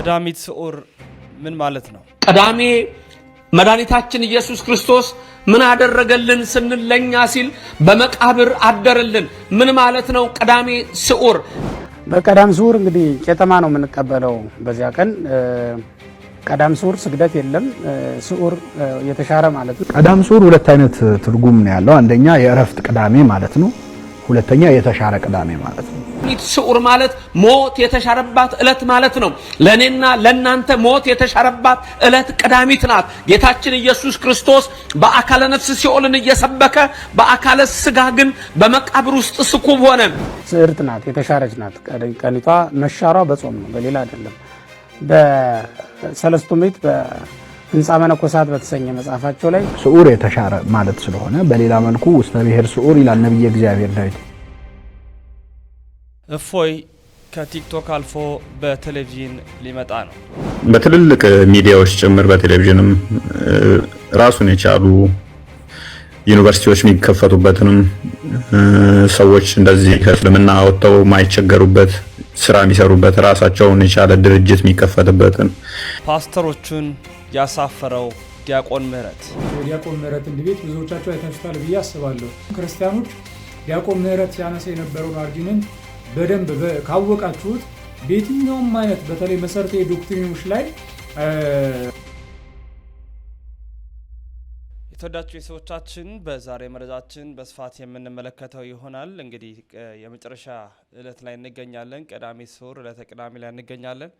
ቀዳሚት ስዑር ምን ማለት ነው? ቀዳሜ መድኃኒታችን ኢየሱስ ክርስቶስ ምን አደረገልን ስንል ለኛ ሲል በመቃብር አደረልን። ምን ማለት ነው? ቀዳሜ ስዑር በቀዳም ስዑር እንግዲህ ቄጠማ ነው የምንቀበለው። በዚያ ቀን ቀዳም ስዑር ስግደት የለም፣ ስዑር የተሻረ ማለት ነው። ቀዳም ስዑር ሁለት አይነት ትርጉም ነው ያለው። አንደኛ የእረፍት ቅዳሜ ማለት ነው። ሁለተኛ የተሻረ ቅዳሜ ማለት ነው። ዲት ሽዑር ማለት ሞት የተሻረባት ዕለት ማለት ነው። ለእኔና ለእናንተ ሞት የተሻረባት ዕለት ቀዳሚት ናት። ጌታችን ኢየሱስ ክርስቶስ በአካለ ነፍስ ሲኦልን እየሰበከ በአካለ ስጋ ግን በመቃብር ውስጥ ስኩብ ሆነ። ጽዕርት ናት፣ የተሻረች ናት። ቀኒቷ መሻሯ በጾም ነው፣ በሌላ አይደለም። በሰለስቱ ምዕት በህንፃ መነኮሳት በተሰኘ መጽሐፋቸው ላይ ስዑር የተሻረ ማለት ስለሆነ በሌላ መልኩ ውስተ ብሔር ስዑር ይላል ነቢየ እግዚአብሔር ዳዊት እፎይ ከቲክቶክ አልፎ በቴሌቪዥን ሊመጣ ነው። በትልልቅ ሚዲያዎች ጭምር በቴሌቪዥንም ራሱን የቻሉ ዩኒቨርሲቲዎች የሚከፈቱበትንም ሰዎች እንደዚህ ከእስልምና ወጥተው ማይቸገሩበት ስራ የሚሰሩበት ራሳቸውን የቻለ ድርጅት የሚከፈትበትን ፓስተሮቹን ያሳፈረው ዲያቆን ምህረት የዲያቆን ምህረት እንዲህ ቤት ብዙዎቻቸው አይታችሁታል ብዬ አስባለሁ። ክርስቲያኖች ዲያቆን ምህረት ሲያነሳ የነበረውን አርጊመንት በደንብ ካወቃችሁት በየትኛውም አይነት በተለይ መሰረታዊ ዶክትሪኖች ላይ የተወዳችሁ የሰዎቻችን በዛሬ መረጃችን በስፋት የምንመለከተው ይሆናል። እንግዲህ የመጨረሻ እለት ላይ እንገኛለን። ቅዳሜ ስዑር እለተ ቅዳሜ ላይ እንገኛለን።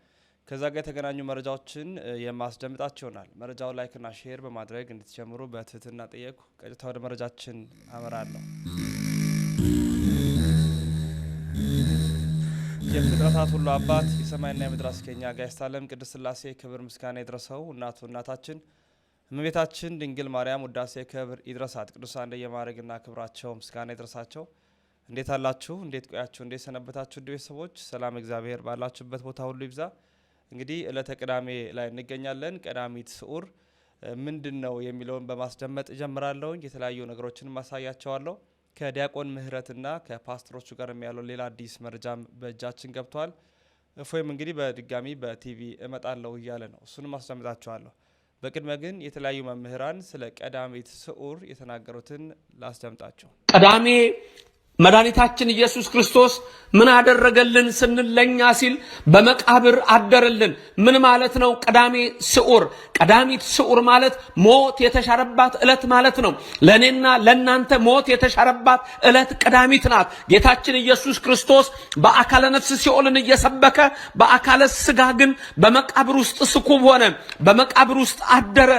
ከዛ ጋር የተገናኙ መረጃዎችን የማስደምጣችሁ ይሆናል። መረጃው ላይክና ሼር በማድረግ እንድትጀምሩ በትህትና ጠየቁ። ቀጥታ ወደ መረጃችን አመራለሁ። የፍጥረታት ሁሉ አባት የሰማይና የምድር አስገኛ ጋይስት አለም ቅድስት ስላሴ ክብር ምስጋና ይድረሰው። እናቱ እናታችን እመቤታችን ድንግል ማርያም ውዳሴ ክብር ይድረሳት። ቅዱሳን እንደየማድረግና ክብራቸው ምስጋና ይድረሳቸው። እንዴት አላችሁ? እንዴት ቆያችሁ? እንዴት ሰነበታችሁ? ውድ ቤተሰቦች ሰላም እግዚአብሔር ባላችሁበት ቦታ ሁሉ ይብዛ። እንግዲህ እለተ ቅዳሜ ላይ እንገኛለን። ቀዳሚት ስዑር ምንድን ነው የሚለውን በማስደመጥ እጀምራለሁ። የተለያዩ ነገሮችን ማሳያቸዋለሁ። ከዲያቆን ምህረትና ከፓስተሮቹ ጋር ያለው ሌላ አዲስ መረጃም በእጃችን ገብቷል። እፎይም እንግዲህ በድጋሚ በቲቪ እመጣለሁ እያለ ነው። እሱንም አስደምጣችኋለሁ። በቅድመ ግን የተለያዩ መምህራን ስለ ቀዳሚት ስዑር የተናገሩትን ላስደምጣቸው። ቀዳሜ መድኃኒታችን ኢየሱስ ክርስቶስ ምን አደረገልን ስንል ለኛ ሲል በመቃብር አደረልን። ምን ማለት ነው? ቀዳሜ ስዑር። ቀዳሚት ስዑር ማለት ሞት የተሻረባት ዕለት ማለት ነው። ለእኔና ለእናንተ ሞት የተሻረባት ዕለት ቀዳሚት ናት። ጌታችን ኢየሱስ ክርስቶስ በአካለ ነፍስ ሲኦልን እየሰበከ በአካለ ስጋ ግን በመቃብር ውስጥ ስኩብ ሆነ፣ በመቃብር ውስጥ አደረ።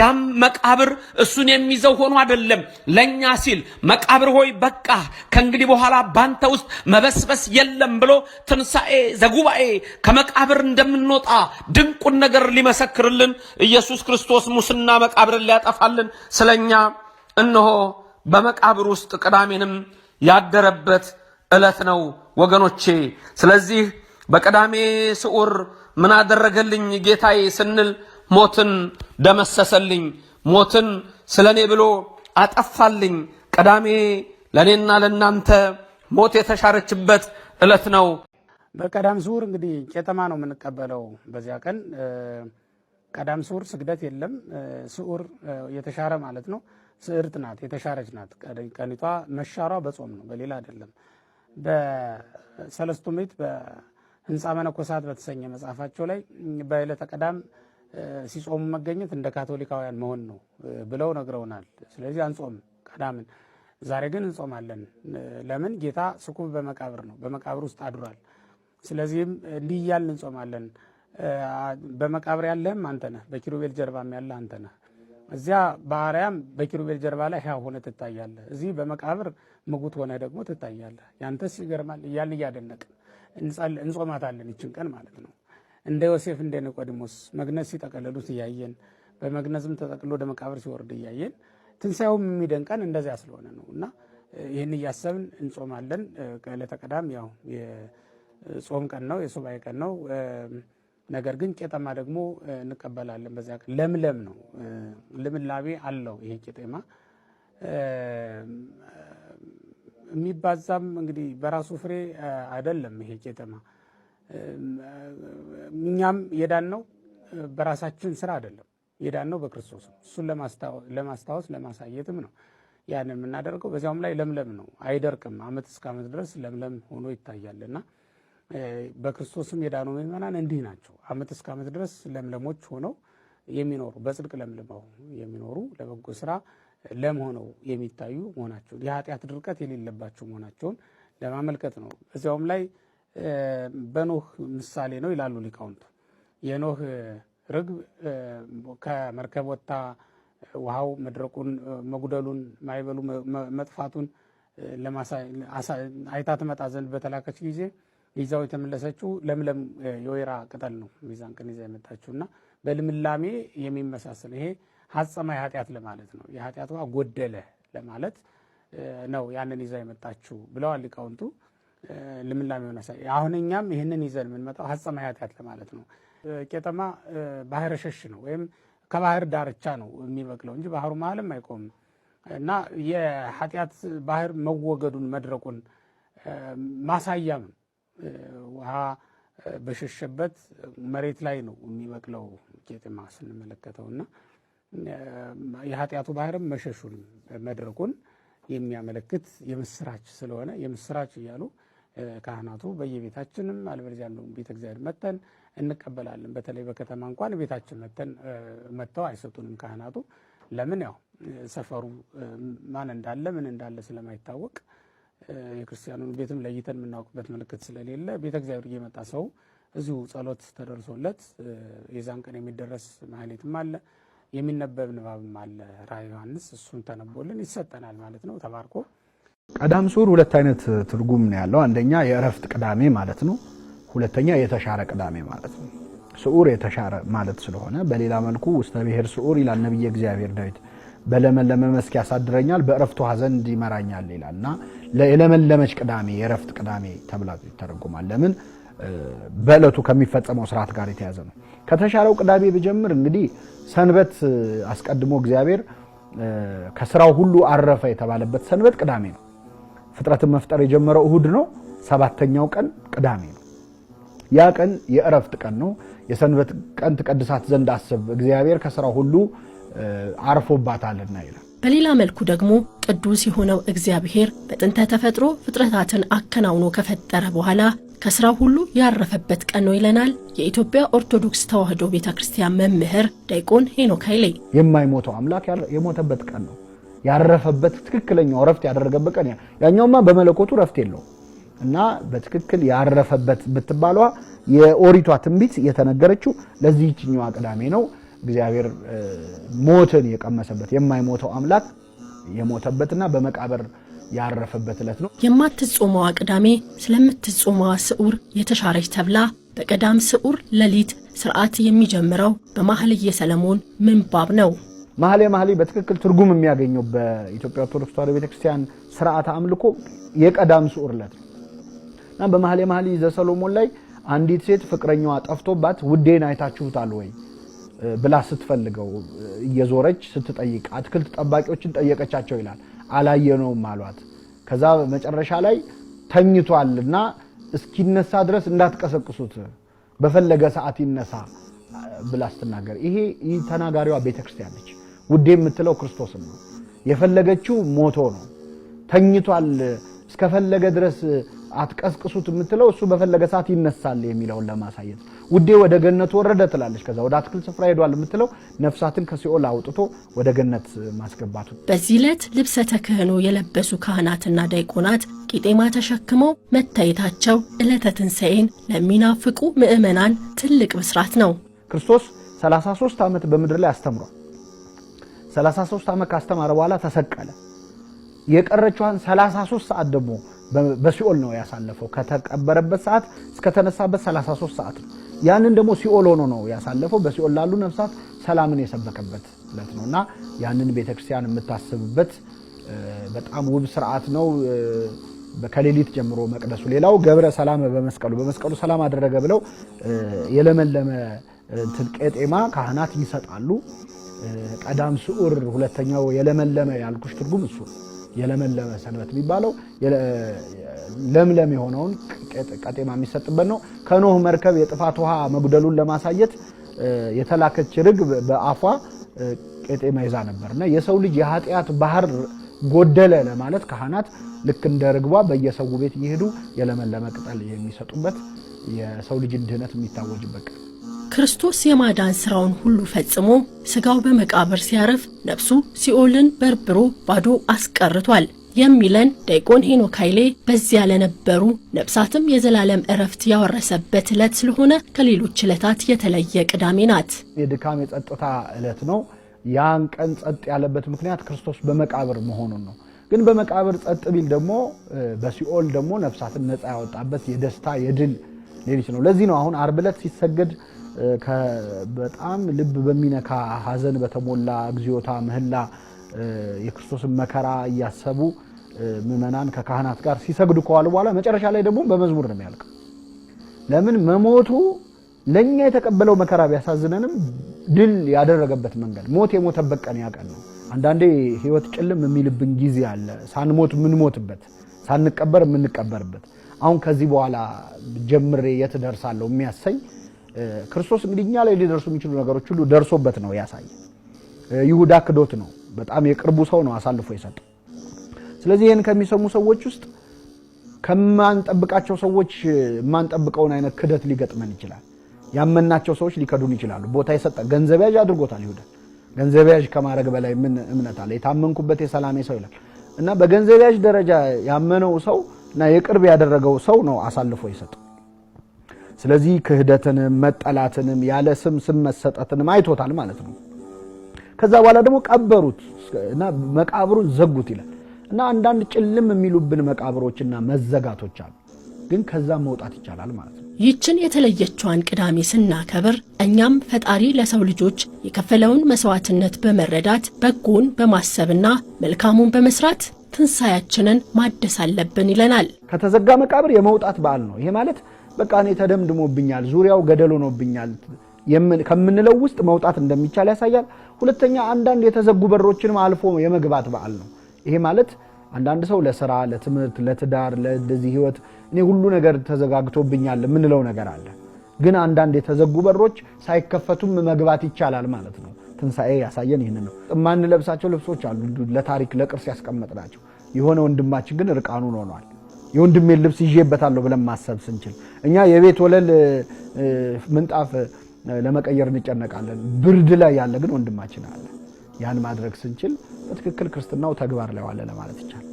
ያም መቃብር እሱን የሚይዘው ሆኖ አይደለም፣ ለእኛ ሲል መቃብር ሆይ በቃ ከእንግዲህ በኋላ ባንተ ውስጥ መበስበስ የለም ብሎ ትንሣኤ ዘጉባኤ ከመቃብር እንደምንወጣ ድንቁን ነገር ሊመሰክርልን ኢየሱስ ክርስቶስ ሙስና መቃብርን ሊያጠፋልን ስለኛ እነሆ በመቃብር ውስጥ ቅዳሜንም ያደረበት ዕለት ነው ወገኖቼ። ስለዚህ በቅዳሜ ስዑር ምን አደረገልኝ ጌታዬ ስንል ሞትን ደመሰሰልኝ፣ ሞትን ስለኔ ብሎ አጠፋልኝ። ቅዳሜ ለእኔና ለእናንተ ሞት የተሻረችበት ዕለት ነው። በቀዳም ስዑር እንግዲህ ቄጠማ ነው የምንቀበለው። በዚያ ቀን ቀዳም ስዑር ስግደት የለም። ስዑር የተሻረ ማለት ነው። ስዕርት ናት፣ የተሻረች ናት። ቀኒቷ መሻሯ በጾም ነው፣ በሌላ አይደለም። በሰለስቱ ምዕት በህንፃ መነኮሳት በተሰኘ መጽሐፋቸው ላይ በዕለተ ቀዳም ሲጾሙ መገኘት እንደ ካቶሊካውያን መሆን ነው ብለው ነግረውናል። ስለዚህ አንጾም ቀዳምን ዛሬ ግን እንጾማለን። ለምን ጌታ ስኩብ በመቃብር ነው፣ በመቃብር ውስጥ አድሯል። ስለዚህም እንዲህ እያልን እንጾማለን። በመቃብር ያለህም አንተ ነህ፣ በኪሩቤል ጀርባም ያለህ አንተ ነህ። እዚያ በአርያም በኪሩቤል ጀርባ ላይ ሕያው ሆነ ትታያለህ። እዚህ በመቃብር ምጉት ሆነ ደግሞ ትታያለህ። ያንተስ ይገርማል እያልን እያደነቅን እንጾማታለን ይችን ቀን ማለት ነው። እንደ ዮሴፍ እንደ ኒቆዲሞስ መግነዝ ሲጠቀለሉት እያየን በመግነዝም ተጠቅሎ ወደ መቃብር ሲወርድ እያየን ትንሣኤውም የሚደንቀን እንደዚያ ስለሆነ ነው እና ይህን እያሰብን እንጾማለን። ዕለተ ቀዳም ያው የጾም ቀን ነው፣ የሱባኤ ቀን ነው። ነገር ግን ቄጠማ ደግሞ እንቀበላለን። በዚያ ቀን ለምለም ነው፣ ልምላቤ አለው ይሄ ቄጤማ የሚባዛም እንግዲህ በራሱ ፍሬ አይደለም። ይሄ ቄጠማ እኛም የዳን ነው በራሳችን ስራ አይደለም። የዳነው በክርስቶስ ነው። እሱን ለማስታወስ ለማሳየትም ነው ያንን የምናደርገው። በዚያውም ላይ ለምለም ነው፣ አይደርቅም። ዓመት እስከ ዓመት ድረስ ለምለም ሆኖ ይታያልና በክርስቶስም የዳኑ ምዕመናን እንዲህ ናቸው። ዓመት እስከ ዓመት ድረስ ለምለሞች ሆነው የሚኖሩ በጽድቅ ለምልመው የሚኖሩ ለበጎ ስራ ለም ሆነው የሚታዩ መሆናቸውን የኃጢአት ድርቀት የሌለባቸው መሆናቸውን ለማመልከት ነው። በዚያውም ላይ በኖህ ምሳሌ ነው ይላሉ ሊቃውንቱ የኖህ ርግብ ከመርከብ ወጥታ ውሃው መድረቁን፣ መጉደሉን፣ ማይበሉ መጥፋቱን አይታ ትመጣ ዘንድ በተላከች ጊዜ ይዛው የተመለሰችው ለምለም የወይራ ቅጠል ነው። ሚዛን ቀን ይዛ የመጣችው እና በልምላሜ የሚመሳሰል ይሄ ሀጸማ የኃጢአት ለማለት ነው። የኃጢአቷ ጎደለ ለማለት ነው። ያንን ይዛ የመጣችው ብለዋል ሊቃውንቱ። ልምላሜ ሆነ አሁን እኛም ይህንን ይዘን የምንመጣው ሀጸማ የኃጢአት ለማለት ነው። ቄጠማ ባህረ ሸሽ ነው ወይም ከባህር ዳርቻ ነው የሚበቅለው እንጂ ባህሩ መሀልም አይቆምም እና የኃጢአት ባህር መወገዱን መድረቁን ማሳያም ውሃ በሸሸበት መሬት ላይ ነው የሚበቅለው ቄጠማ እና የኃጢአቱ ባህርም መሸሹን መድረቁን የሚያመለክት የምስራች ስለሆነ የምስራች እያሉ ካህናቱ በየቤታችንም አለበለዚያ ቤተ እግዚአብሔር መተን እንቀበላለን። በተለይ በከተማ እንኳን ቤታችን መተን መጥተው አይሰጡንም ካህናቱ። ለምን ያው ሰፈሩ ማን እንዳለ ምን እንዳለ ስለማይታወቅ የክርስቲያኑን ቤትም ለይተን የምናውቅበት ምልክት ስለሌለ ቤተ እግዚአብሔር እየመጣ ሰው እዚሁ ጸሎት ተደርሶለት የዛን ቀን የሚደረስ ማህሌትም አለ፣ የሚነበብ ንባብም አለ ራ ዮሐንስ። እሱን ተነቦልን ይሰጠናል ማለት ነው ተባርኮ። ቀዳም ሥዑር ሁለት አይነት ትርጉም ነው ያለው። አንደኛ የእረፍት ቅዳሜ ማለት ነው። ሁለተኛ የተሻረ ቅዳሜ ማለት ነው። ስዑር የተሻረ ማለት ስለሆነ በሌላ መልኩ ውስተ ብሔር ስዑር ይላል ነቢየ እግዚአብሔር ዳዊት። በለመለመ መስክ ያሳድረኛል፣ በእረፍቱ ዘንድ ይመራኛል ይላል እና የለመለመች ቅዳሜ የእረፍት ቅዳሜ ተብላ ይተረጉማል። ለምን በእለቱ ከሚፈጸመው ስርዓት ጋር የተያዘ ነው። ከተሻረው ቅዳሜ ብጀምር እንግዲህ ሰንበት አስቀድሞ እግዚአብሔር ከስራው ሁሉ አረፈ የተባለበት ሰንበት ቅዳሜ ነው። ፍጥረትን መፍጠር የጀመረው እሁድ ነው። ሰባተኛው ቀን ቅዳሜ ነው። ያ ቀን የእረፍት ቀን ነው። የሰንበት ቀን ትቀድሳት ዘንድ አስብ፣ እግዚአብሔር ከስራ ሁሉ አርፎባታልና ይላል። በሌላ መልኩ ደግሞ ቅዱስ የሆነው እግዚአብሔር በጥንተ ተፈጥሮ ፍጥረታትን አከናውኖ ከፈጠረ በኋላ ከስራ ሁሉ ያረፈበት ቀን ነው ይለናል የኢትዮጵያ ኦርቶዶክስ ተዋሕዶ ቤተ ክርስቲያን መምህር ዲያቆን ሄኖክ ኃይሌ። የማይሞተው አምላክ የሞተበት ቀን ነው ያረፈበት፣ ትክክለኛው እረፍት ያደረገበት ቀን። ያኛውማ በመለኮቱ እረፍት የለውም እና በትክክል ያረፈበት ብትባሏ የኦሪቷ ትንቢት የተነገረችው ለዚህችኛዋ ቅዳሜ ነው። እግዚአብሔር ሞትን የቀመሰበት የማይሞተው አምላክ የሞተበትና በመቃብር ያረፈበት ዕለት ነው። የማትጾመዋ ቅዳሜ ስለምትጾመዋ ስዑር የተሻረች ተብላ በቀዳም ስዑር ሌሊት ስርዓት የሚጀምረው በማህልየ ሰለሞን ምንባብ ነው። ማህሌ ማህሌ በትክክል ትርጉም የሚያገኘው በኢትዮጵያ ኦርቶዶክስ ተዋሕዶ ቤተክርስቲያን ስርዓት አምልኮ የቀዳም ስዑር ዕለት ነው። እና በመኃልየ መኃልይ ዘሰሎሞን ላይ አንዲት ሴት ፍቅረኛዋ ጠፍቶባት ውዴን አይታችሁታል ወይ ብላ ስትፈልገው እየዞረች ስትጠይቅ አትክልት ጠባቂዎችን ጠየቀቻቸው ይላል። አላየነውም አሏት። ከዛ መጨረሻ ላይ ተኝቷል እና እስኪነሳ ድረስ እንዳትቀሰቅሱት በፈለገ ሰዓት ይነሳ ብላ ስትናገር፣ ይሄ ተናጋሪዋ ቤተክርስቲያን ነች። ውዴ የምትለው ክርስቶስን ነው። የፈለገችው ሞቶ ነው። ተኝቷል እስከፈለገ ድረስ አትቀስቅሱት የምትለው እሱ በፈለገ ሰዓት ይነሳል የሚለውን ለማሳየት ውዴ ወደ ገነት ወረደ ትላለች፣ ከዛ ወደ አትክልት ስፍራ ሄዷል የምትለው ነፍሳትን ከሲኦል አውጥቶ ወደ ገነት ማስገባቱ። በዚህ ዕለት ልብሰ ተክህኖ የለበሱ ካህናትና ዲያቆናት ቂጤማ ተሸክመው መታየታቸው ዕለተ ትንሣኤን ለሚናፍቁ ምዕመናን ትልቅ ብስራት ነው። ክርስቶስ 33 ዓመት በምድር ላይ አስተምሯል። 33 ዓመት ካስተማረ በኋላ ተሰቀለ። የቀረችዋን 33 ሰዓት ደግሞ በሲኦል ነው ያሳለፈው። ከተቀበረበት ሰዓት እስከተነሳበት 33 ሰዓት ነው። ያንን ደግሞ ሲኦል ሆኖ ነው ያሳለፈው። በሲኦል ላሉ ነፍሳት ሰላምን የሰበከበት ዕለት ነው እና ያንን ቤተክርስቲያን የምታስብበት በጣም ውብ ስርዓት ነው። ከሌሊት ጀምሮ መቅደሱ ሌላው ገብረ ሰላመ በመስቀሉ በመስቀሉ ሰላም አደረገ ብለው የለመለመ ቄጤማ ካህናት ይሰጣሉ። ቀዳም ስዑር ሁለተኛው የለመለመ ያልኩሽ ትርጉም እሱ የለመለመ ሰንበት የሚባለው ለምለም የሆነውን ቀጤማ የሚሰጥበት ነው። ከኖህ መርከብ የጥፋት ውሃ መጉደሉን ለማሳየት የተላከች ርግብ በአፏ ቄጤማ ይዛ ነበር እና የሰው ልጅ የኃጢአት ባህር ጎደለ ለማለት ካህናት ልክ እንደ ርግቧ በየሰው ቤት እየሄዱ የለመለመ ቅጠል የሚሰጡበት የሰው ልጅ ድህነት የሚታወጅበት ክርስቶስ የማዳን ሥራውን ሁሉ ፈጽሞ ሥጋው በመቃብር ሲያርፍ ነፍሱ ሲኦልን በርብሮ ባዶ አስቀርቷል የሚለን ዲያቆን ሄኖክ ኃይሌ በዚያ ለነበሩ ነፍሳትም የዘላለም እረፍት ያወረሰበት ዕለት ስለሆነ ከሌሎች ዕለታት የተለየ ቅዳሜ ናት። የድካም የጸጥታ ዕለት ነው። ያን ቀን ጸጥ ያለበት ምክንያት ክርስቶስ በመቃብር መሆኑን ነው። ግን በመቃብር ጸጥ ቢል ደግሞ በሲኦል ደግሞ ነፍሳትን ነፃ ያወጣበት የደስታ የድል ሌሊት ነው። ለዚህ ነው አሁን አርብ ዕለት ሲሰገድ በጣም ልብ በሚነካ ሀዘን በተሞላ እግዚኦታ ምህላ የክርስቶስን መከራ እያሰቡ ምእመናን ከካህናት ጋር ሲሰግዱ ከዋሉ በኋላ መጨረሻ ላይ ደግሞ በመዝሙር ነው የሚያልቅ። ለምን መሞቱ ለእኛ የተቀበለው መከራ ቢያሳዝነንም ድል ያደረገበት መንገድ ሞት የሞተበት ቀን ያቀን ነው። አንዳንዴ ህይወት ጭልም የሚልብን ጊዜ አለ። ሳንሞት የምንሞትበት፣ ሳንቀበር የምንቀበርበት። አሁን ከዚህ በኋላ ጀምሬ የት ደርሳለሁ የሚያሰኝ ክርስቶስ እንግዲህ እኛ ላይ ሊደርሱ የሚችሉ ነገሮች ሁሉ ደርሶበት ነው ያሳየ። ይሁዳ ክዶት ነው። በጣም የቅርቡ ሰው ነው አሳልፎ የሰጠው። ስለዚህ ይህን ከሚሰሙ ሰዎች ውስጥ ከማንጠብቃቸው ሰዎች የማንጠብቀውን አይነት ክደት ሊገጥመን ይችላል። ያመናቸው ሰዎች ሊከዱን ይችላሉ። ቦታ የሰጠ ገንዘብ ያዥ አድርጎታል። ይሁዳ ገንዘብ ያዥ ከማድረግ በላይ ምን እምነት አለ? የታመንኩበት የሰላሜ ሰው ይላል እና በገንዘብ ያዥ ደረጃ ያመነው ሰው እና የቅርብ ያደረገው ሰው ነው አሳልፎ የሰጠው። ስለዚህ ክህደትንም መጠላትንም ያለ ስም ስም መሰጠትንም አይቶታል ማለት ነው። ከዛ በኋላ ደግሞ ቀበሩት እና መቃብሩን ዘጉት ይላል እና አንዳንድ ጭልም የሚሉብን መቃብሮችና መዘጋቶች አሉ፣ ግን ከዛም መውጣት ይቻላል ማለት ነው። ይችን የተለየችዋን ቅዳሜ ስናከብር እኛም ፈጣሪ ለሰው ልጆች የከፈለውን መስዋዕትነት በመረዳት በጎን በማሰብና መልካሙን በመስራት ትንሣያችንን ማደስ አለብን ይለናል። ከተዘጋ መቃብር የመውጣት በዓል ነው ይሄ ማለት በቃ እኔ ተደምድሞብኛል፣ ዙሪያው ገደል ሆኖብኛል ከምንለው ውስጥ መውጣት እንደሚቻል ያሳያል። ሁለተኛ አንዳንድ የተዘጉ በሮችንም አልፎ የመግባት በዓል ነው። ይሄ ማለት አንዳንድ ሰው ለስራ፣ ለትምህርት፣ ለትዳር፣ ለዚህ ህይወት እኔ ሁሉ ነገር ተዘጋግቶብኛል የምንለው ነገር አለ። ግን አንዳንድ የተዘጉ በሮች ሳይከፈቱም መግባት ይቻላል ማለት ነው። ትንሣኤ ያሳየን ይህን ነው። የማንለብሳቸው ልብሶች አሉ ለታሪክ ለቅርስ ያስቀመጥናቸው። የሆነ ወንድማችን ግን እርቃኑን ሆኗል። የወንድሜን ልብስ ይዤበታለሁ ብለን ማሰብ ስንችል፣ እኛ የቤት ወለል ምንጣፍ ለመቀየር እንጨነቃለን። ብርድ ላይ ያለ ግን ወንድማችን አለ። ያን ማድረግ ስንችል በትክክል ክርስትናው ተግባር ላይ ዋለ ለማለት ይቻላል።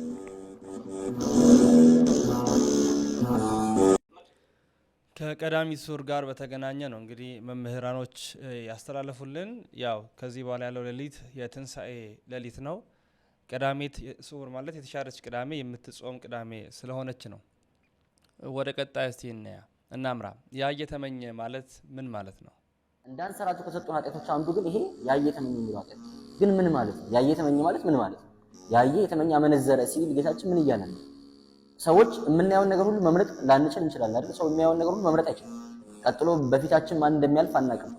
ከቀዳሚ ሱር ጋር በተገናኘ ነው እንግዲህ መምህራኖች ያስተላለፉልን። ያው ከዚህ በኋላ ያለው ሌሊት የትንሣኤ ሌሊት ነው። ቅዳሜ ስዑር ማለት የተሻረች ቅዳሜ የምትጾም ቅዳሜ ስለሆነች ነው። ወደ ቀጣይ እስቲ እናያ እናምራ። ያ እየተመኘ ማለት ምን ማለት ነው? እንዳንሰራቸው ከሰጡን ኃጢአቶች አንዱ ግን ይሄ ያ የተመኘ የሚለው ኃጢአት ግን ምን ማለት ነው? ያ የተመኘ ማለት ምን ማለት ነው? ያየ የተመኘ አመነዘረ ሲል ጌታችን ምን እያለ ነው? ሰዎች የምናየውን ነገር ሁሉ መምረጥ ላንችል እንችላለን አይደል? ሰው የሚያየውን ነገር ሁሉ መምረጥ አይችልም። ቀጥሎ በፊታችን ማን እንደሚያልፍ አናውቅም።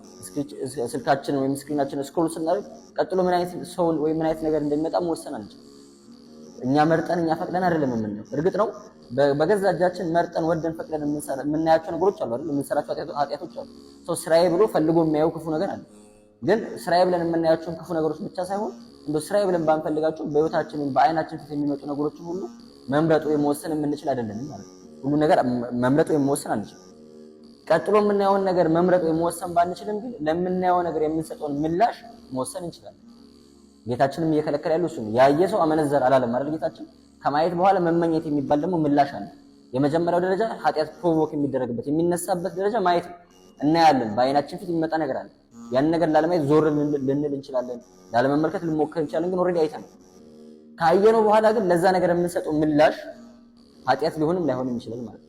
ስልካችን ወይም ስክሪናችን ስክሮል ስናደርግ ቀጥሎ ምን አይነት ሰው ወይም ምን አይነት ነገር እንደሚመጣ መወሰን አንችልም። እኛ መርጠን እኛ ፈቅደን አይደለም የምንለው። እርግጥ ነው በገዛ እጃችን መርጠን ወደን ፈቅደን የምናያቸው ነገሮች አሉ አይደል? የምንሰራቸው ኃጢአቶች አሉ። ሰው ስራዬ ብሎ ፈልጎ የሚያየው ክፉ ነገር አለ። ግን ስራዬ ብለን የምናያቸውን ክፉ ነገሮች ብቻ ሳይሆን እንደ ስራዬ ብለን ባንፈልጋቸው በህይወታችን በአይናችን ፊት የሚመጡ ነገሮችን ሁሉ መምረጥ ወይም መወሰን የምንችል አይደለንም ማለት ነው። ሁሉ ነገር መምረጥ ወይም መወሰን አንችልም። ቀጥሎ የምናየውን ነገር መምረጥ ወይም መወሰን ባንችልም ግን ለምናየው ነገር የምንሰጠውን ምላሽ መወሰን እንችላለን። ጌታችንም እየከለከለ ያሉ እሱ ያየ ሰው አመነዘር አላለም አይደል? ጌታችን ከማየት በኋላ መመኘት የሚባል ደግሞ ምላሽ አለ። የመጀመሪያው ደረጃ ኃጢአት ፕሮቮክ የሚደረግበት የሚነሳበት ደረጃ ማየት ነው። እናያለን፣ በአይናችን ፊት የሚመጣ ነገር አለ። ያን ነገር ላለማየት ዞር ልንል እንችላለን፣ ላለመመልከት ልንሞክር እንችላለን። ግን ኦልሬዲ አይተናል። ካየነው በኋላ ግን ለዛ ነገር የምንሰጠው ምላሽ ኃጢአት ሊሆንም ላይሆንም ይችላል ማለት ነው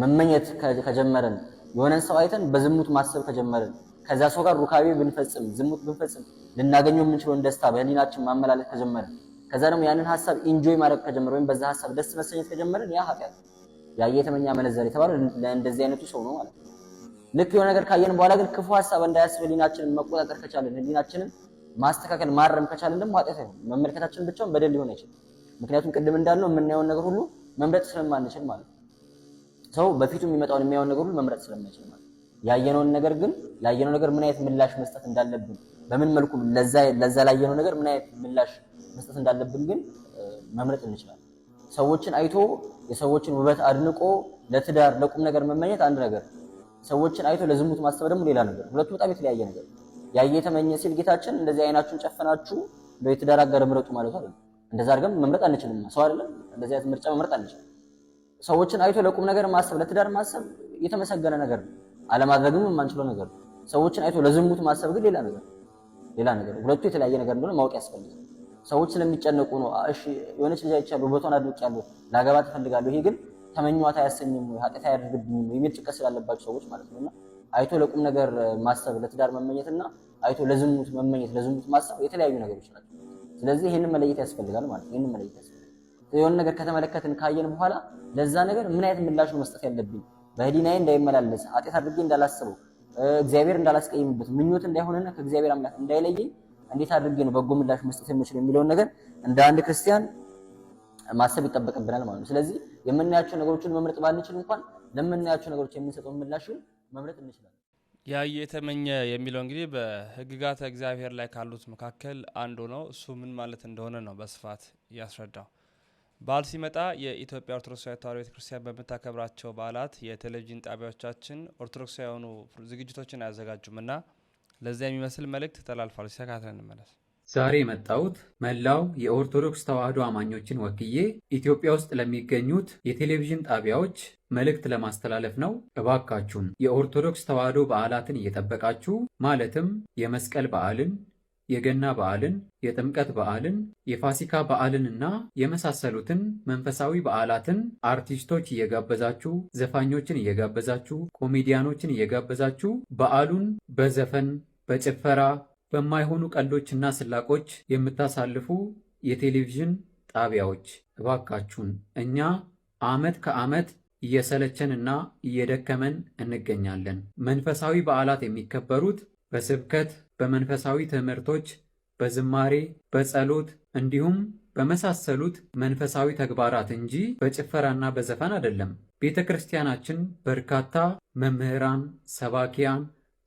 መመኘት ከጀመረን የሆነን ሰው አይተን በዝሙት ማሰብ ከጀመርን ከዛ ሰው ጋር ሩካቤ ብንፈጽም ዝሙት ብንፈጽም ልናገኘው የምንችለውን ደስታ በህሊናችን ማመላለስ ከጀመርን ከዛ ደግሞ ያንን ሀሳብ ኢንጆይ ማድረግ ከጀመረ ወይም በዛ ሀሳብ ደስ መሰኘት ከጀመርን ያ ኃጢአት ያየ የተመኘ አመነዘረ የተባለው ለእንደዚህ አይነቱ ሰው ነው ማለት ነው። ልክ የሆነ ነገር ካየን በኋላ ግን ክፉ ሀሳብ እንዳያስብ ህሊናችንን መቆጣጠር ከቻለን ህሊናችንን ማስተካከል ማረም ከቻለን ደግሞ ኃጢአት አይሆንም። መመልከታችን ብቻውን በደል ሊሆን አይችልም። ምክንያቱም ቅድም እንዳለው የምናየውን ነገር ሁሉ መምረጥ ስለማንችል ማለት ነው። ሰው በፊቱ የሚመጣውን የሚያውን ነገር ሁሉ መምረጥ ስለማይችል ማለት ያየነውን ነገር ግን ላየነው ነገር ምን አይነት ምላሽ መስጠት እንዳለብን በምን መልኩ ለዛ ለዛ ላየነው ነገር ምን አይነት ምላሽ መስጠት እንዳለብን ግን መምረጥ እንችላለን። ሰዎችን አይቶ የሰዎችን ውበት አድንቆ ለትዳር ለቁም ነገር መመኘት አንድ ነገር፣ ሰዎችን አይቶ ለዝሙት ማሰብ ደግሞ ሌላ ነገር። ሁለቱ በጣም የተለያየ ነገር። ያየ የተመኘ ሲል ጌታችን እንደዚህ አይናችሁን ጨፈናችሁ ለትዳር አጋር ምረጡ ማለት አይደለም። እንደዛ አድርገን መምረጥ አንችልም። ሰው አይደለም እንደዚህ አይነት ምርጫ መምረጥ አንችልም። ሰዎችን አይቶ ለቁም ነገር ማሰብ ለትዳር ማሰብ የተመሰገነ ነገር ነው። አለማድረግም የማንችለው ነገር ነው። ሰዎችን አይቶ ለዝሙት ማሰብ ግን ሌላ ነገር ሌላ ነገር ሁለቱ የተለያየ ነገር እንደሆነ ማወቅ ያስፈልጋል። ሰዎች ስለሚጨነቁ ነው። እሺ የሆነች ልጅ አይቻለሁ፣ ውበቷን አድንቄያለሁ፣ ላገባ ትፈልጋለሁ፣ ይሄ ግን ተመኟት አያሰኝም ወይ ኃጢአት አያደርግብኝም የሚል ጭንቀት ስላለባቸው ሰዎች ማለት ነው። እና አይቶ ለቁም ነገር ማሰብ ለትዳር መመኘት እና አይቶ ለዝሙት መመኘት ለዝሙት ማሰብ የተለያዩ ነገሮች ናቸው። ስለዚህ ይህንን መለየት ያስፈልጋል ማለት ነው። ይህንን መለየት የሆነ ነገር ከተመለከትን ካየን በኋላ ለዛ ነገር ምን አይነት ምላሽ ነው መስጠት ያለብኝ፣ በህሊናዬ እንዳይመላለስ አጤት አድርጌ እንዳላስበው እግዚአብሔር እንዳላስቀይምበት ምኞት እንዳይሆንና ከእግዚአብሔር አምላክ እንዳይለየኝ እንዴት አድርጌ ነው በጎ ምላሽ መስጠት የምችል የሚለውን ነገር እንደ አንድ ክርስቲያን ማሰብ ይጠበቅብናል ማለት ነው። ስለዚህ የምናያቸው ነገሮችን መምረጥ ባንችል እንኳን ለምናያቸው ነገሮች የምንሰጠው ምላሽን መምረጥ እንችላለን። ያየ የተመኘ የሚለው እንግዲህ በህግጋተ እግዚአብሔር ላይ ካሉት መካከል አንዱ ነው። እሱ ምን ማለት እንደሆነ ነው በስፋት ያስረዳው። በዓል ሲመጣ የኢትዮጵያ ኦርቶዶክስ ተዋሕዶ ቤተክርስቲያን በምታከብራቸው በዓላት የቴሌቪዥን ጣቢያዎቻችን ኦርቶዶክሳዊ የሆኑ ዝግጅቶችን አያዘጋጁምና ለዚያ የሚመስል መልእክት ተላልፏል። ሲተካትለን እንመለስ። ዛሬ የመጣሁት መላው የኦርቶዶክስ ተዋሕዶ አማኞችን ወክዬ ኢትዮጵያ ውስጥ ለሚገኙት የቴሌቪዥን ጣቢያዎች መልእክት ለማስተላለፍ ነው። እባካችሁን የኦርቶዶክስ ተዋሕዶ በዓላትን እየጠበቃችሁ ማለትም የመስቀል በዓልን የገና በዓልን፣ የጥምቀት በዓልን፣ የፋሲካ በዓልንና የመሳሰሉትን መንፈሳዊ በዓላትን አርቲስቶች እየጋበዛችሁ፣ ዘፋኞችን እየጋበዛችሁ፣ ኮሜዲያኖችን እየጋበዛችሁ በዓሉን በዘፈን በጭፈራ በማይሆኑ ቀልዶችና ስላቆች የምታሳልፉ የቴሌቪዥን ጣቢያዎች እባካችሁን እኛ ዓመት ከዓመት እየሰለቸንና እየደከመን እንገኛለን። መንፈሳዊ በዓላት የሚከበሩት በስብከት በመንፈሳዊ ትምህርቶች፣ በዝማሬ፣ በጸሎት እንዲሁም በመሳሰሉት መንፈሳዊ ተግባራት እንጂ በጭፈራና በዘፈን አይደለም። ቤተ ክርስቲያናችን በርካታ መምህራን፣ ሰባኪያን፣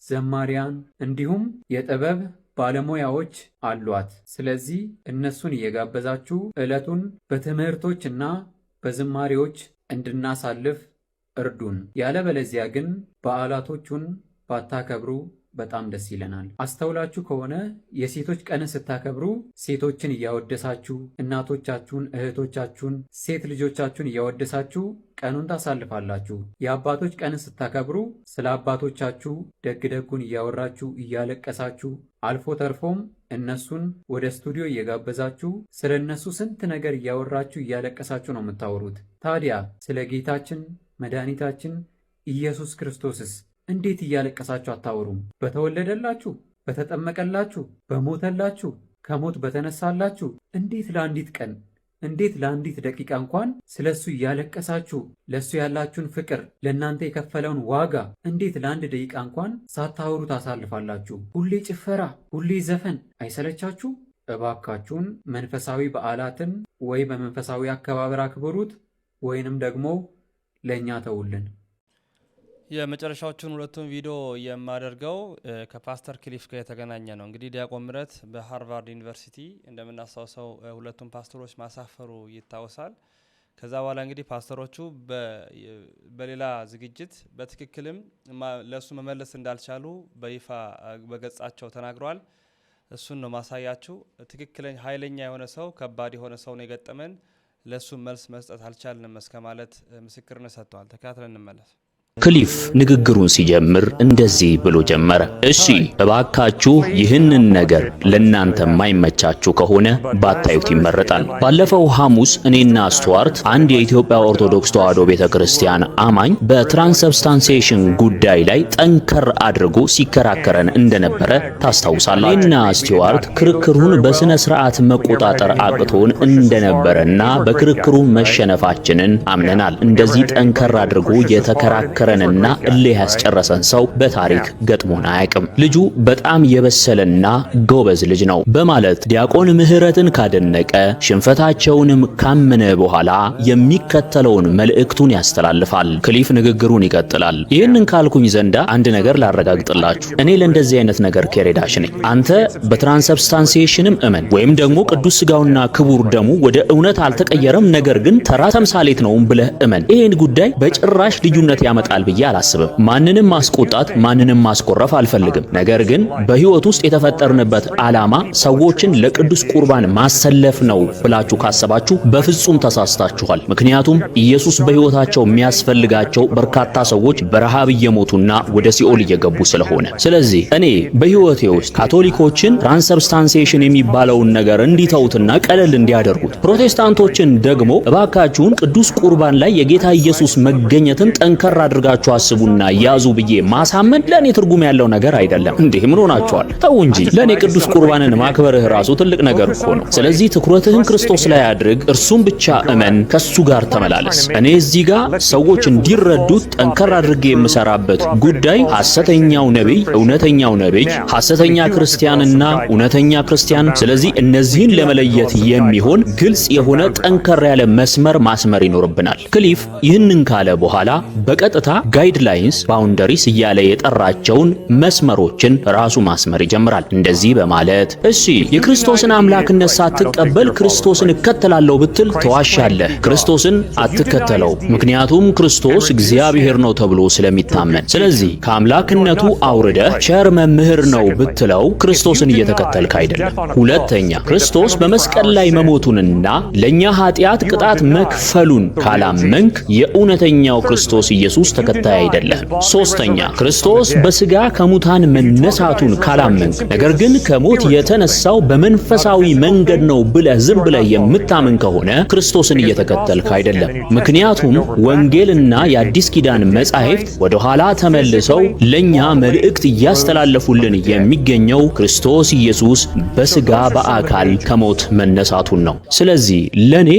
ዘማሪያን እንዲሁም የጥበብ ባለሙያዎች አሏት። ስለዚህ እነሱን እየጋበዛችሁ ዕለቱን በትምህርቶች እና በዝማሬዎች እንድናሳልፍ እርዱን። ያለበለዚያ ግን በዓላቶቹን ባታከብሩ በጣም ደስ ይለናል። አስተውላችሁ ከሆነ የሴቶች ቀንን ስታከብሩ ሴቶችን እያወደሳችሁ፣ እናቶቻችሁን፣ እህቶቻችሁን፣ ሴት ልጆቻችሁን እያወደሳችሁ ቀኑን ታሳልፋላችሁ። የአባቶች ቀንን ስታከብሩ ስለ አባቶቻችሁ ደግ ደጉን እያወራችሁ እያለቀሳችሁ አልፎ ተርፎም እነሱን ወደ ስቱዲዮ እየጋበዛችሁ ስለ እነሱ ስንት ነገር እያወራችሁ እያለቀሳችሁ ነው የምታወሩት። ታዲያ ስለ ጌታችን መድኃኒታችን ኢየሱስ ክርስቶስስ እንዴት እያለቀሳችሁ አታወሩም? በተወለደላችሁ፣ በተጠመቀላችሁ፣ በሞተላችሁ፣ ከሞት በተነሳላችሁ እንዴት ለአንዲት ቀን እንዴት ለአንዲት ደቂቃ እንኳን ስለ እሱ እያለቀሳችሁ ለእሱ ያላችሁን ፍቅር ለእናንተ የከፈለውን ዋጋ እንዴት ለአንድ ደቂቃ እንኳን ሳታወሩ ታሳልፋላችሁ? ሁሌ ጭፈራ፣ ሁሌ ዘፈን አይሰለቻችሁ? እባካችሁን መንፈሳዊ በዓላትን ወይ በመንፈሳዊ አከባበር አክብሩት፣ ወይንም ደግሞ ለእኛ ተውልን። የመጨረሻዎቹን ሁለቱን ቪዲዮ የማደርገው ከፓስተር ክሊፍ ጋር የተገናኘ ነው። እንግዲህ ዲያቆን ምረት በሃርቫርድ ዩኒቨርሲቲ እንደምናስታውሰው ሁለቱን ፓስተሮች ማሳፈሩ ይታወሳል። ከዛ በኋላ እንግዲህ ፓስተሮቹ በሌላ ዝግጅት በትክክልም ለእሱ መመለስ እንዳልቻሉ በይፋ በገጻቸው ተናግረዋል። እሱን ነው ማሳያችሁ። ትክክለኛ ኃይለኛ የሆነ ሰው ከባድ የሆነ ሰው ነው የገጠመን። ለእሱ መልስ መስጠት አልቻልንም እስከ ማለት ምስክርነት ሰጥተዋል። ተከታትለን እንመለስ። ክሊፍ ንግግሩን ሲጀምር እንደዚህ ብሎ ጀመረ። እሺ እባካችሁ ይህንን ነገር ለእናንተ የማይመቻችሁ ከሆነ ባታዩት ይመረጣል። ባለፈው ሐሙስ እኔና ስቱዋርት አንድ የኢትዮጵያ ኦርቶዶክስ ተዋሕዶ ቤተ ክርስቲያን አማኝ በትራንስብስታንሴሽን ጉዳይ ላይ ጠንከር አድርጎ ሲከራከረን እንደነበረ ታስታውሳላችሁ። እኔና ስቱዋርት ክርክሩን በስነ ስርዓት መቆጣጠር አቅቶን እንደነበረና በክርክሩ መሸነፋችንን አምነናል። እንደዚህ ጠንከር አድርጎ የተከራከረ ያጠነከረንና እልህ ያስጨረሰን ሰው በታሪክ ገጥሞን አያውቅም። ልጁ በጣም የበሰለና ጎበዝ ልጅ ነው በማለት ዲያቆን ምህረትን ካደነቀ ሽንፈታቸውንም ካመነ በኋላ የሚከተለውን መልእክቱን ያስተላልፋል። ክሊፍ ንግግሩን ይቀጥላል። ይህንን ካልኩኝ ዘንዳ አንድ ነገር ላረጋግጥላችሁ። እኔ ለእንደዚህ አይነት ነገር ከሬዳሽ ነኝ። አንተ በትራንስብስታንሲዬሽንም እመን ወይም ደግሞ ቅዱስ ስጋውና ክቡር ደሙ ወደ እውነት አልተቀየረም፣ ነገር ግን ተራ ተምሳሌት ነው ብለህ እመን። ይህን ጉዳይ በጭራሽ ልዩነት ያመጣል ይበቃል ብዬ አላስብም። ማንንም ማስቆጣት፣ ማንንም ማስቆረፍ አልፈልግም። ነገር ግን በህይወት ውስጥ የተፈጠርንበት ዓላማ ሰዎችን ለቅዱስ ቁርባን ማሰለፍ ነው ብላችሁ ካሰባችሁ በፍጹም ተሳስታችኋል። ምክንያቱም ኢየሱስ በህይወታቸው የሚያስፈልጋቸው በርካታ ሰዎች በረሃብ እየሞቱና ወደ ሲኦል እየገቡ ስለሆነ፣ ስለዚህ እኔ በህይወቴ ውስጥ ካቶሊኮችን ትራንስብስታንሴሽን የሚባለውን ነገር እንዲተውትና ቀለል እንዲያደርጉት፣ ፕሮቴስታንቶችን ደግሞ እባካችሁን ቅዱስ ቁርባን ላይ የጌታ ኢየሱስ መገኘትን ጠንከር አድርጋችሁ አስቡና ያዙ ብዬ ማሳመን ለእኔ ትርጉም ያለው ነገር አይደለም። እንዲህ ምን ሆናችኋል? ተው እንጂ ለእኔ ቅዱስ ቁርባንን ማክበርህ ራሱ ትልቅ ነገር እኮ ነው። ስለዚህ ትኩረትህን ክርስቶስ ላይ አድርግ፣ እርሱም ብቻ እመን፣ ከሱ ጋር ተመላለስ። እኔ እዚህ ጋር ሰዎች እንዲረዱት ጠንከር አድርጌ የምሰራበት ጉዳይ ሐሰተኛው ነቢይ፣ እውነተኛው ነቢይ፣ ሐሰተኛ ክርስቲያንና እውነተኛ ክርስቲያን፣ ስለዚህ እነዚህን ለመለየት የሚሆን ግልጽ የሆነ ጠንከር ያለ መስመር ማስመር ይኖርብናል። ክሊፍ ይህንን ካለ በኋላ በቀጥታ ጋይድላይንስ ባውንደሪስ እያለ የጠራቸውን መስመሮችን ራሱ ማስመር ይጀምራል። እንደዚህ በማለት እሺ የክርስቶስን አምላክነት ሳትቀበል ክርስቶስን እከተላለሁ ብትል ተዋሻለህ። ክርስቶስን አትከተለው፣ ምክንያቱም ክርስቶስ እግዚአብሔር ነው ተብሎ ስለሚታመን። ስለዚህ ከአምላክነቱ አውርደህ ቸር መምህር ነው ብትለው ክርስቶስን እየተከተልክ አይደለም። ሁለተኛ ክርስቶስ በመስቀል ላይ መሞቱንና ለእኛ ኃጢአት ቅጣት መክፈሉን ካላመንክ የእውነተኛው ክርስቶስ ኢየሱስ ተከታይ አይደለህም። ሶስተኛ ክርስቶስ በስጋ ከሙታን መነሳቱን ካላመንክ፣ ነገር ግን ከሞት የተነሳው በመንፈሳዊ መንገድ ነው ብለህ ዝም ብለህ የምታምን ከሆነ ክርስቶስን እየተከተልክ አይደለም። ምክንያቱም ወንጌልና የአዲስ ኪዳን መጻሕፍት ወደ ኋላ ተመልሰው ለእኛ መልእክት እያስተላለፉልን የሚገኘው ክርስቶስ ኢየሱስ በስጋ በአካል ከሞት መነሳቱን ነው። ስለዚህ ለኔ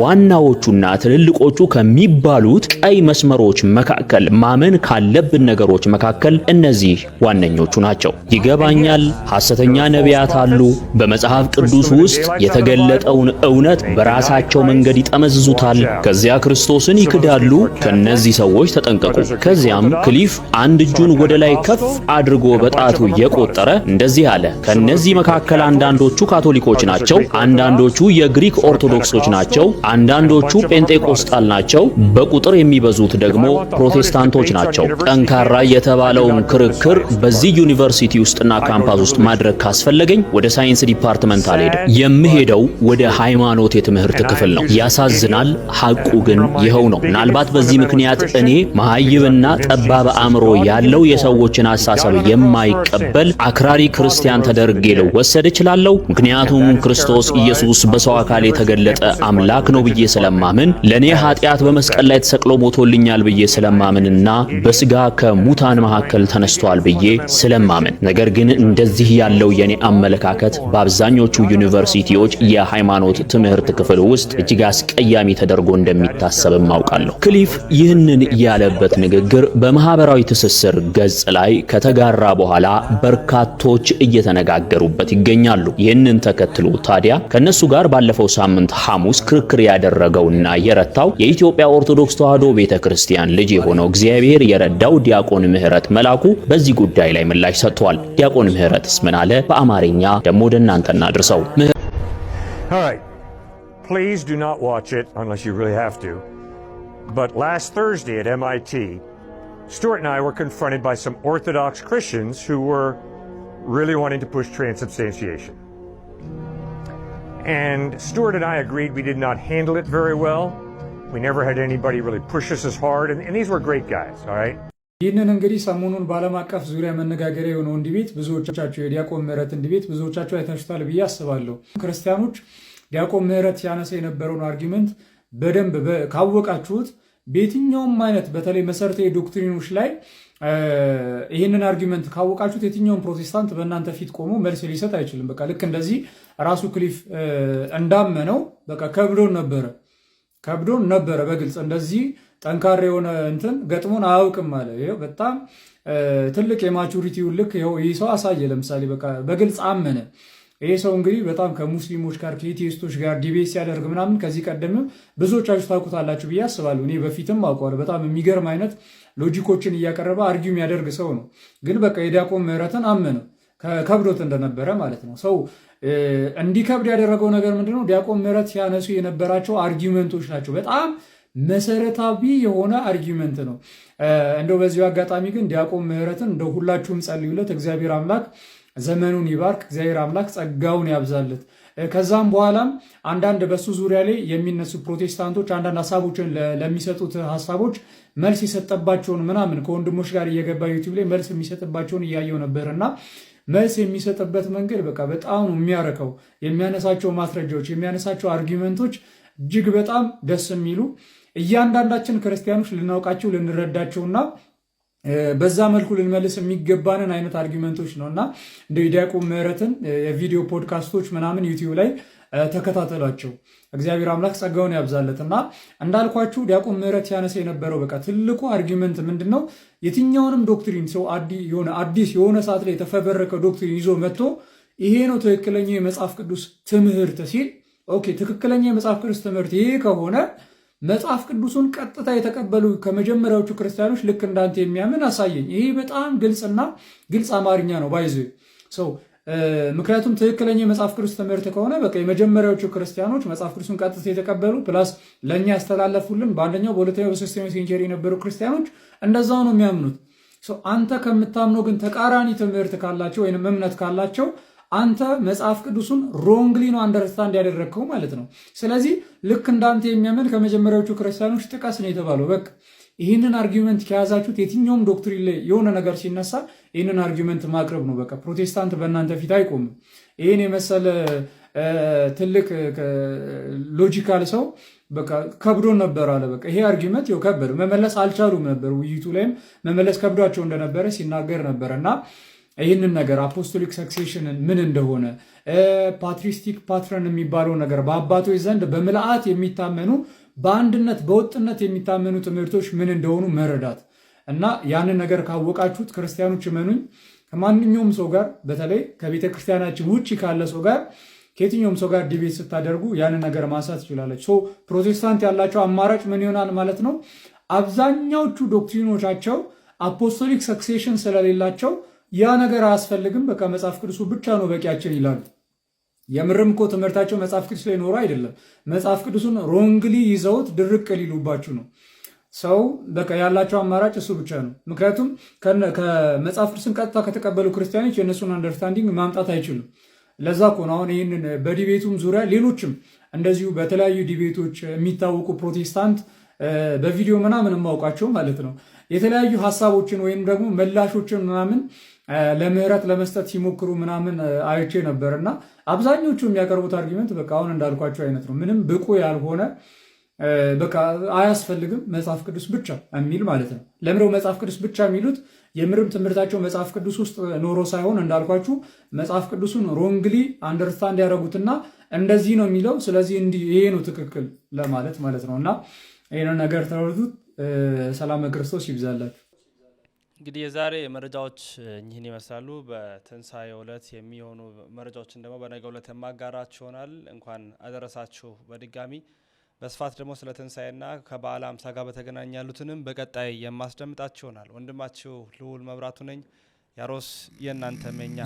ዋናዎቹና ትልልቆቹ ከሚባሉት ቀይ መስመሮች መካከል መካከል ማመን ካለብን ነገሮች መካከል እነዚህ ዋነኞቹ ናቸው። ይገባኛል፣ ሐሰተኛ ነቢያት አሉ፣ በመጽሐፍ ቅዱስ ውስጥ የተገለጠውን እውነት በራሳቸው መንገድ ይጠመዝዙታል፣ ከዚያ ክርስቶስን ይክዳሉ። ከነዚህ ሰዎች ተጠንቀቁ። ከዚያም ክሊፍ አንድ እጁን ወደ ላይ ከፍ አድርጎ በጣቱ የቆጠረ እንደዚህ አለ፣ ከነዚህ መካከል አንዳንዶቹ ካቶሊኮች ናቸው፣ አንዳንዶቹ የግሪክ ኦርቶዶክሶች ናቸው፣ አንዳንዶቹ ጴንጤቆስጣል ናቸው፣ በቁጥር የሚበዙት ደግሞ ፕሮቴ ፕሮቴስታንቶች ናቸው። ጠንካራ የተባለውን ክርክር በዚህ ዩኒቨርሲቲ ውስጥና ካምፓስ ውስጥ ማድረግ ካስፈለገኝ ወደ ሳይንስ ዲፓርትመንት አልሄድም። የምሄደው ወደ ሃይማኖት የትምህርት ክፍል ነው። ያሳዝናል፣ ሐቁ ግን ይኸው ነው። ምናልባት በዚህ ምክንያት እኔ መሀይብና ጠባብ አእምሮ ያለው የሰዎችን አሳሰብ የማይቀበል አክራሪ ክርስቲያን ተደርጌ ልወሰድ እችላለሁ። ምክንያቱም ክርስቶስ ኢየሱስ በሰው አካል የተገለጠ አምላክ ነው ብዬ ስለማምን ለእኔ ኃጢአት በመስቀል ላይ ተሰቅሎ ሞቶልኛል ብዬ ስለማ ስለማምንና በስጋ ከሙታን መካከል ተነስቷል ብዬ ስለማምን፣ ነገር ግን እንደዚህ ያለው የኔ አመለካከት በአብዛኞቹ ዩኒቨርሲቲዎች የሃይማኖት ትምህርት ክፍል ውስጥ እጅግ አስቀያሚ ተደርጎ እንደሚታሰብም አውቃለሁ። ክሊፍ ይህንን ያለበት ንግግር በማህበራዊ ትስስር ገጽ ላይ ከተጋራ በኋላ በርካቶች እየተነጋገሩበት ይገኛሉ። ይህንን ተከትሎ ታዲያ ከነሱ ጋር ባለፈው ሳምንት ሐሙስ ክርክር ያደረገውና የረታው የኢትዮጵያ ኦርቶዶክስ ተዋሕዶ ቤተክርስቲያን ልጅ የሆነው እግዚአብሔር የረዳው ዲያቆን ምህረት መላኩ በዚህ ጉዳይ ላይ ምላሽ ሰጥቷል። ዲያቆን ምህረትስ ምን አለ? በአማርኛ ደግሞ ወደ እናንተ እናድርሰው። Stuart and I were confronted by some Orthodox Christians who were really wanting to push transubstantiation. And Stuart and I agreed we did not handle it very well. We never had anybody really push us as hard, and, and these were great guys, all right? ይህንን እንግዲህ ሰሞኑን በዓለም አቀፍ ዙሪያ መነጋገሪያ የሆነው እንዲህ ቤት የዲያቆን ምህረት እንዲህ ቤት ብዙዎቻችሁ ብዬ አስባለሁ። ክርስቲያኖች ዲያቆን ምህረት ሲያነሳ የነበረውን አርጊመንት በደንብ ካወቃችሁት በየትኛውም አይነት በተለይ መሰረታዊ ዶክትሪኖች ላይ ይህንን አርጊመንት ካወቃችሁት የትኛውም ፕሮቴስታንት በእናንተ ፊት ቆሞ መልስ ሊሰጥ አይችልም። በቃ ልክ እንደዚህ ራሱ ክሊፍ እንዳመነው በቃ ከብዶን ነበረ ከብዶን ነበረ። በግልጽ እንደዚህ ጠንካራ የሆነ እንትን ገጥሞን አያውቅም አለ። ይኸው በጣም ትልቅ የማቹሪቲውን ልክ ይህ ሰው አሳየ። ለምሳሌ በቃ በግልጽ አመነ። ይሄ ሰው እንግዲህ በጣም ከሙስሊሞች ጋር ከኤቴስቶች ጋር ዲቤት ሲያደርግ ምናምን ከዚህ ቀደም ብዙዎቻችሁ ታውቁታላችሁ ብዬ አስባለሁ። እኔ በፊትም አውቀዋለሁ። በጣም የሚገርም አይነት ሎጂኮችን እያቀረበ አርጊው የሚያደርግ ሰው ነው። ግን በቃ የዲያቆን ምህረትን አመነ ከብዶት እንደነበረ ማለት ነው ሰው እንዲከብድ ያደረገው ነገር ምንድነው? ዲያቆን ምህረት ሲያነሱ የነበራቸው አርጊመንቶች ናቸው። በጣም መሰረታዊ የሆነ አርጊመንት ነው። እንደው በዚሁ አጋጣሚ ግን ዲያቆን ምህረትን እንደ ሁላችሁም ጸልዩለት። እግዚአብሔር አምላክ ዘመኑን ይባርክ። እግዚአብሔር አምላክ ጸጋውን ያብዛለት። ከዛም በኋላም አንዳንድ በሱ ዙሪያ ላይ የሚነሱ ፕሮቴስታንቶች አንዳንድ ሀሳቦችን ለሚሰጡት ሀሳቦች መልስ የሰጠባቸውን ምናምን ከወንድሞች ጋር እየገባ ዩቲዩብ ላይ መልስ የሚሰጥባቸውን እያየው ነበር እና መልስ የሚሰጥበት መንገድ በቃ በጣም ነው የሚያረከው። የሚያነሳቸው ማስረጃዎች፣ የሚያነሳቸው አርጊመንቶች እጅግ በጣም ደስ የሚሉ እያንዳንዳችን ክርስቲያኖች ልናውቃቸው ልንረዳቸውና በዛ መልኩ ልንመልስ የሚገባንን አይነት አርጊመንቶች ነው እና እንደ ዲያቆን ምህረትን የቪዲዮ ፖድካስቶች ምናምን ዩቲዩብ ላይ ተከታተሏቸው። እግዚአብሔር አምላክ ጸጋውን ያብዛለት እና እንዳልኳችሁ ዲያቆን ምህረት ያነሳ የነበረው በቃ ትልቁ አርጊመንት ምንድን ነው? የትኛውንም ዶክትሪን ሰው የሆነ አዲስ የሆነ ሰዓት ላይ የተፈበረከ ዶክትሪን ይዞ መጥቶ ይሄ ነው ትክክለኛ የመጽሐፍ ቅዱስ ትምህርት ሲል፣ ኦኬ ትክክለኛ የመጽሐፍ ቅዱስ ትምህርት ይሄ ከሆነ መጽሐፍ ቅዱሱን ቀጥታ የተቀበሉ ከመጀመሪያዎቹ ክርስቲያኖች ልክ እንዳንተ የሚያምን አሳየኝ። ይሄ በጣም ግልጽና ግልጽ አማርኛ ነው ባይዘ ሰው ምክንያቱም ትክክለኛ የመጽሐፍ ቅዱስ ትምህርት ከሆነ በቃ የመጀመሪያዎቹ ክርስቲያኖች መጽሐፍ ቅዱስን ቀጥታ የተቀበሉ ፕላስ ለእኛ ያስተላለፉልን በአንደኛው በሁለተኛው በሶስተኛው ሴንቸሪ የነበሩ ክርስቲያኖች እንደዛው ነው የሚያምኑት። አንተ ከምታምነው ግን ተቃራኒ ትምህርት ካላቸው ወይም እምነት ካላቸው አንተ መጽሐፍ ቅዱሱን ሮንግሊ ነው አንደርስታንድ ያደረግከው ማለት ነው። ስለዚህ ልክ እንዳንተ የሚያምን ከመጀመሪያዎቹ ክርስቲያኖች ጥቀስ ነው የተባለው በቃ ይህንን አርጊመንት ከያዛችሁት የትኛውም ዶክትሪን ላይ የሆነ ነገር ሲነሳ ይህንን አርጊመንት ማቅረብ ነው። በቃ ፕሮቴስታንት በእናንተ ፊት አይቆምም። ይህን የመሰለ ትልቅ ሎጂካል ሰው በቃ ከብዶን ነበር አለ። በቃ ይሄ አርጊመንት ይኸው ከበድ መመለስ አልቻሉም ነበር። ውይይቱ ላይም መመለስ ከብዷቸው እንደነበረ ሲናገር ነበር እና ይህንን ነገር አፖስቶሊክ ሰክሴሽንን ምን እንደሆነ ፓትሪስቲክ ፓትረን የሚባለው ነገር በአባቶች ዘንድ በምልአት የሚታመኑ በአንድነት በወጥነት የሚታመኑ ትምህርቶች ምን እንደሆኑ መረዳት እና ያንን ነገር ካወቃችሁት ክርስቲያኖች እመኑኝ፣ ከማንኛውም ሰው ጋር በተለይ ከቤተ ክርስቲያናችን ውጭ ካለ ሰው ጋር ከየትኛውም ሰው ጋር ዲቤት ስታደርጉ ያንን ነገር ማንሳት ትችላለች። ፕሮቴስታንት ያላቸው አማራጭ ምን ይሆናል ማለት ነው? አብዛኛዎቹ ዶክትሪኖቻቸው አፖስቶሊክ ሰክሴሽን ስለሌላቸው ያ ነገር አያስፈልግም፣ በቃ መጽሐፍ ቅዱሱ ብቻ ነው በቂያችን ይላሉ። የምርም እኮ ትምህርታቸው መጽሐፍ ቅዱስ ላይ ኖሮ አይደለም። መጽሐፍ ቅዱሱን ሮንግሊ ይዘውት ድርቅ ሊሉባችሁ ነው። ሰው በቃ ያላቸው አማራጭ እሱ ብቻ ነው። ምክንያቱም ከመጽሐፍ ቅዱስን ቀጥታ ከተቀበሉ ክርስቲያኖች የእነሱን አንደርስታንዲንግ ማምጣት አይችሉም። ለዛ እኮ ነው አሁን ይህንን በዲቤቱም ዙሪያ ሌሎችም እንደዚሁ በተለያዩ ዲቤቶች የሚታወቁ ፕሮቴስታንት በቪዲዮ ምናምን የማውቃቸው ማለት ነው የተለያዩ ሀሳቦችን ወይም ደግሞ ምላሾችን ምናምን ለምህረት ለመስጠት ሲሞክሩ ምናምን አይቼ ነበር እና አብዛኞቹ የሚያቀርቡት አርጊመንት በቃ አሁን እንዳልኳቸው አይነት ነው። ምንም ብቁ ያልሆነ በቃ አያስፈልግም መጽሐፍ ቅዱስ ብቻ የሚል ማለት ነው። ለምረው መጽሐፍ ቅዱስ ብቻ የሚሉት የምርም ትምህርታቸው መጽሐፍ ቅዱስ ውስጥ ኖሮ ሳይሆን እንዳልኳችሁ መጽሐፍ ቅዱሱን ሮንግሊ አንደርስታንድ ያደረጉትና እንደዚህ ነው የሚለው ስለዚህ ይሄ ነው ትክክል ለማለት ማለት ነው እና ይህንን ነገር ተረዱት። ሰላም ክርስቶስ ይብዛላችሁ። እንግዲህ የዛሬ መረጃዎች እኚህን ይመስላሉ። በትንሳኤ ውለት የሚሆኑ መረጃዎችን ደግሞ በነገ ዕለት የማጋራችሁ ይሆናል። እንኳን አደረሳችሁ በድጋሚ በስፋት ደግሞ ስለ ትንሳኤና ከበዓለ አምሳ ጋር በተገናኝ ያሉትንም በቀጣይ የማስደምጣችሁ ይሆናል። ወንድማችሁ ልውል መብራቱ ነኝ። ያሮስ የእናንተ መኛ